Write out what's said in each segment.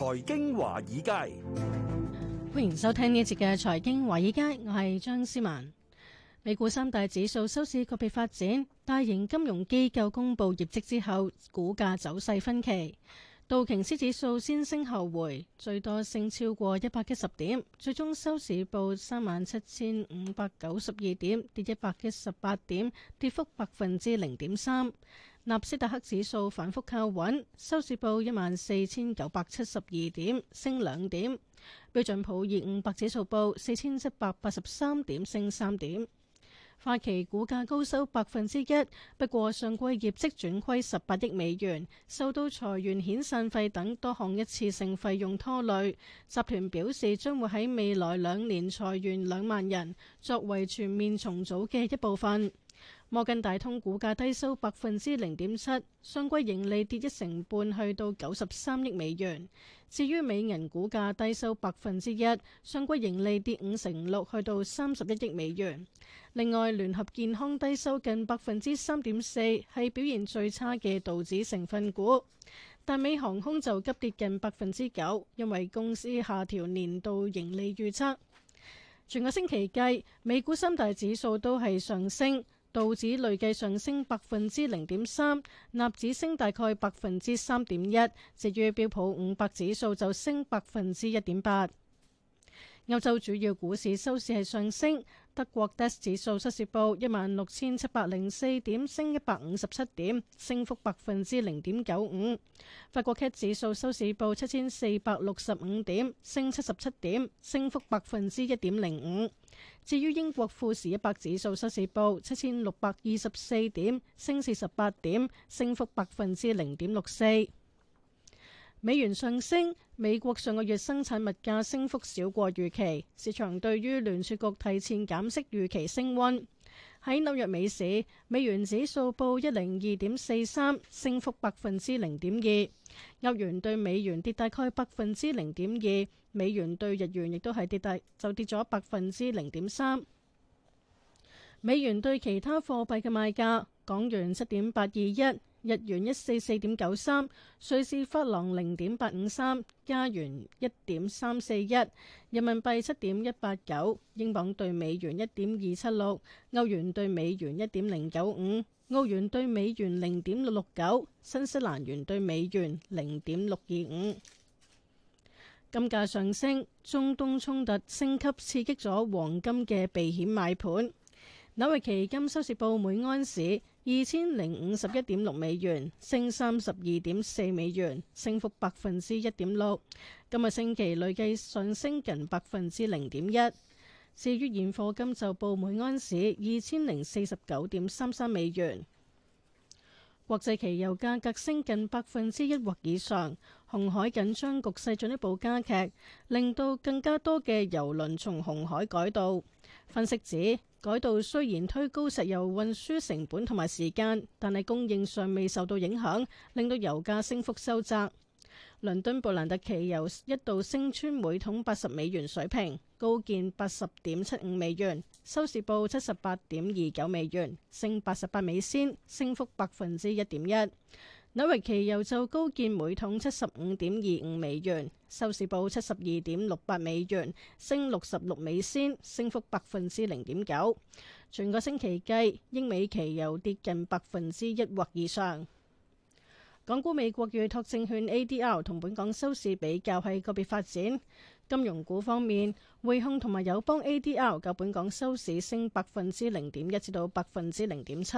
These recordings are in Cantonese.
財經華爾街，歡迎收聽呢一節嘅財經華爾街，我係張思文。美股三大指數收市個別發展，大型金融機構公布業績之後，股價走勢分歧。道瓊斯指數先升後回，最多升超過一百一十點，最終收市報三萬七千五百九十二點，跌一百一十八點，跌幅百分之零點三。納斯達克指數反覆靠穩，收市報一萬四千九百七十二點，升兩點。標準普爾五百指數報四千七百八十三點，升三點。花旗股價高收百分之一，不過上季業績轉虧十八億美元，受到裁員、遣散費等多項一次性費用拖累。集團表示將會喺未來兩年裁員兩萬人，作為全面重組嘅一部分。摩根大通股價低收百分之零點七，上季盈利跌一成半，去到九十三億美元。至於美銀股價低收百分之一，上季盈利跌五成六，去到三十一億美元。另外，聯合健康低收近百分之三點四，係表現最差嘅道指成分股。達美航空就急跌近百分之九，因為公司下調年度盈利預測。全個星期計，美股三大指數都係上升。道指累計上升百分之零點三，納指升大概百分之三點一，至於標普五百指數就升百分之一點八。歐洲主要股市收市係上升。德國 DAX 指數收市報一萬六千七百零四點，升一百五十七點，升幅百分之零點九五。法國 CAC 指數收市報七千四百六十五點，升七十七點，升幅百分之一點零五。至於英國富時一百指數收市報七千六百二十四點，升四十八點，升幅百分之零點六四。美元上升，美國上個月生產物價升幅少過預期，市場對於聯儲局提前減息預期升温。喺紐約美市，美元指數報一零二點四三，升幅百分之零點二。歐元對美元跌大概百分之零點二，美元對日元亦都係跌低，就跌咗百分之零點三。美元對其他貨幣嘅賣價，港元七點八二一。日元一四四點九三，瑞士法郎零點八五三，加元一點三四一，人民幣七點一八九，英鎊兌美元一點二七六，歐元兌美元一點零九五，澳元兌美元零點六六九，新西蘭元兌美元零點六二五。金價上升，中東衝突升級，刺激咗黃金嘅避險買盤。紐約期金收市報每盎司。二千零五十一點六美元，升三十二點四美元，升幅百分之一點六。今日星期累計上升近百分之零點一。至於現貨金就報每安士二千零四十九點三三美元。國際期油價格升近百分之一或以上，紅海緊張局勢進一步加劇，令到更加多嘅油輪從紅海改道。分析指，改道雖然推高石油運輸成本同埋時間，但係供應尚未受到影響，令到油價升幅收窄。倫敦布蘭特期油一度升穿每桶八十美元水平，高見八十點七五美元，收市報七十八點二九美元，升八十八美仙，升幅百分之一點一。紐約期油就高見每桶七十五點二五美元，收市報七十二點六八美元，升六十六美仙，升幅百分之零點九。全個星期計，英美期油跌近百分之一或以上。港股美國預託證券 ADR 同本港收市比較係個別發展。金融股方面，匯控同埋友邦 ADR 較本港收市升百分之零點一至到百分之零點七。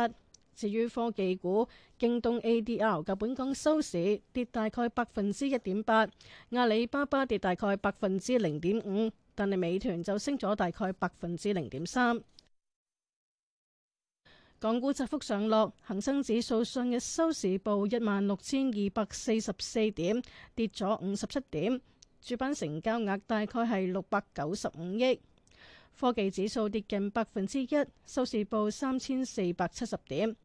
至於科技股，京東 ADR 嘅本港收市跌大概百分之一點八，阿里巴巴跌大概百分之零點五，但係美團就升咗大概百分之零點三。港股窄幅上落，恒生指數上日收市報一萬六千二百四十四點，跌咗五十七點，主板成交額大概係六百九十五億。科技指數跌近百分之一，收市報三千四百七十點。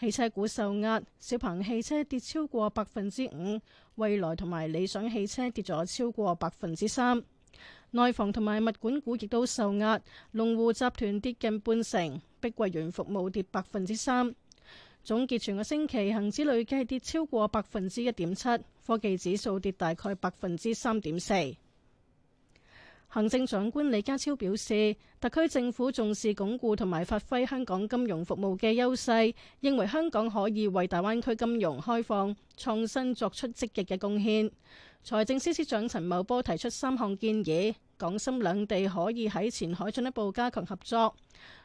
汽車股受壓，小鵬汽車跌超過百分之五，蔚來同埋理想汽車跌咗超過百分之三。內房同埋物管股亦都受壓，龍湖集團跌近半成，碧桂園服務跌百分之三。總結全個星期，恒指累計跌超過百分之一點七，科技指數跌大概百分之三點四。行政長官李家超表示，特區政府重視鞏固同埋發揮香港金融服務嘅優勢，認為香港可以為大灣區金融開放創新作出積極嘅貢獻。財政司司長陳茂波提出三項建議，港深兩地可以喺前海進一步加強合作。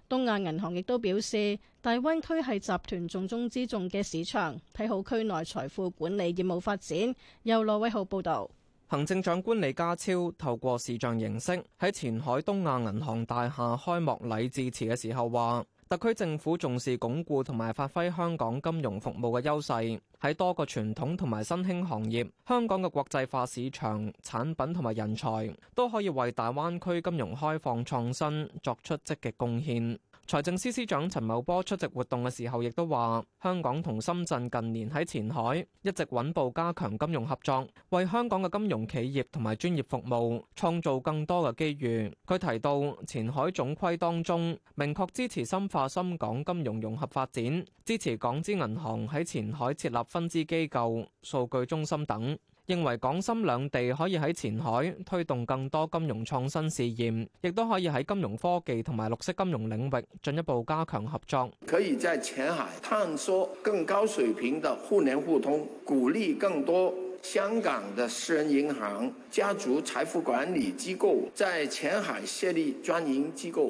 東亞銀行亦都表示，大灣區係集團重中之重嘅市場，睇好區內財富管理業務發展。由羅偉浩報導。行政長官李家超透過視像形式喺前海東亞銀行大廈開幕禮致辭嘅時候話，特區政府重視鞏固同埋發揮香港金融服務嘅優勢，喺多個傳統同埋新興行業，香港嘅國際化市場、產品同埋人才都可以為大灣區金融開放創新作出積極貢獻。財政司司長陳茂波出席活動嘅時候，亦都話香港同深圳近年喺前海一直穩步加強金融合作，為香港嘅金融企業同埋專業服務創造更多嘅機遇。佢提到前海總規當中，明確支持深化深港金融融合發展，支持港資銀行喺前海設立分支機構、數據中心等。認為港深兩地可以喺前海推動更多金融創新試驗，亦都可以喺金融科技同埋綠色金融領域進一步加強合作。可以在前海探索更高水平的互聯互通，鼓勵更多香港嘅私人銀行、家族財富管理機構在前海設立專營機構。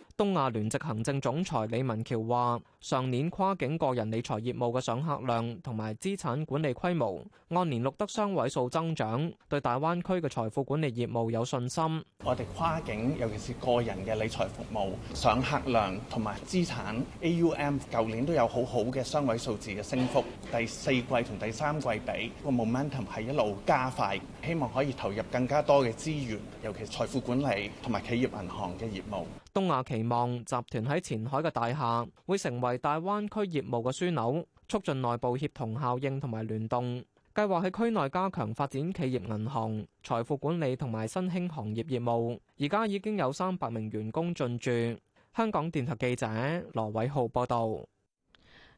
東亞聯席行政總裁李文橋話：上年跨境個人理財業務嘅上客量同埋資產管理規模按年錄得雙位數增長，對大灣區嘅財富管理業務有信心。我哋跨境，尤其是個人嘅理財服務上客量同埋資產 AUM，舊年都有好好嘅雙位數字嘅升幅。第四季同第三季比個 momentum 係一路加快，希望可以投入更加多嘅資源，尤其財富管理同埋企業銀行嘅業務。東亞期望集團喺前海嘅大廈會成為大灣區業務嘅樞紐，促進內部協同效應同埋聯動。計劃喺區內加強發展企業銀行、財富管理同埋新興行業業務。而家已經有三百名員工進駐。香港電台記者羅偉浩報道。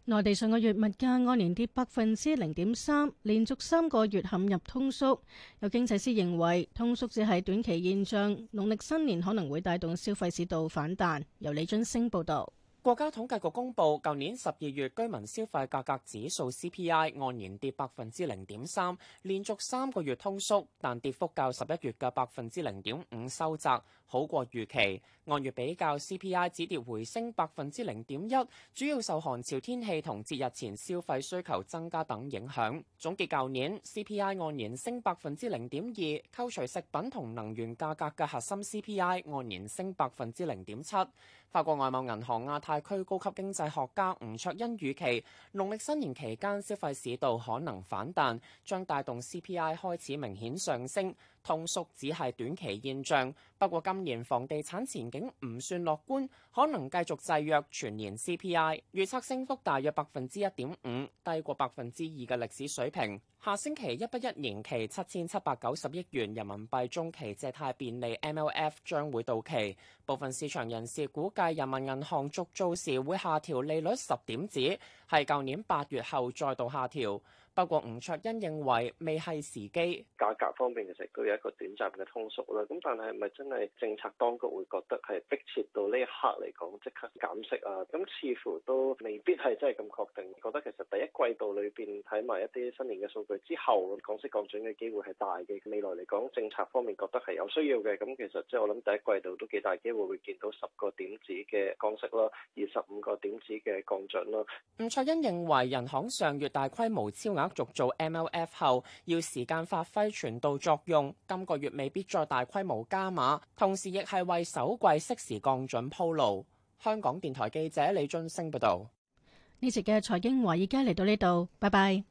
內地上個月物價按年跌百分之零點三，連續三個月陷入通縮。有經濟師認為通縮只係短期現象，農曆新年可能會帶動消費市道反彈。由李津升報導。國家統計局公布，舊年十二月居民消費價格指數 CPI 按年跌百分之零點三，連續三個月通縮，但跌幅較十一月嘅百分之零點五收窄，好過預期。按月比較，CPI 止跌回升百分之零點一，主要受寒潮天氣同節日前消費需求增加等影響。總結舊年 CPI 按年升百分之零點二，扣除食品同能源價格嘅核心 CPI 按年升百分之零點七。法國外貿銀行亞太區高級經濟學家吳卓恩預期，農曆新年期間消費市道可能反彈，將帶動 CPI 開始明顯上升。通縮只係短期現象，不過今年房地產前景唔算樂觀，可能繼續制約全年 CPI 預測升幅大約百分之一點五，低過百分之二嘅歷史水平。下星期一不一年期七千七百九十億元人民幣中期借貸便利 MLF 將會到期，部分市場人士估計人民銀行續造時會下調利率十點子，係舊年八月後再度下調。不過，吳卓恩認為未係時機。價格方面其實都有一個短暫嘅通縮啦，咁但係係咪真係政策當局會覺得係迫切？呢一刻嚟講即刻減息啊！咁似乎都未必係真係咁確定。覺得其實第一季度裏邊睇埋一啲新年嘅數據之後降息降準嘅機會係大嘅。未來嚟講政策方面覺得係有需要嘅。咁其實即係我諗第一季度都幾大機會會見到十個點子嘅降息啦，二十五個點子嘅降準啦。吳卓欣認為人行上月大規模超額續做 MLF 後要時間發揮傳導作用，今個月未必再大規模加碼，同時亦係為首季適時降準鋪路。香港電台記者李俊升報道。呢節嘅財經華爾街嚟到呢度，拜拜。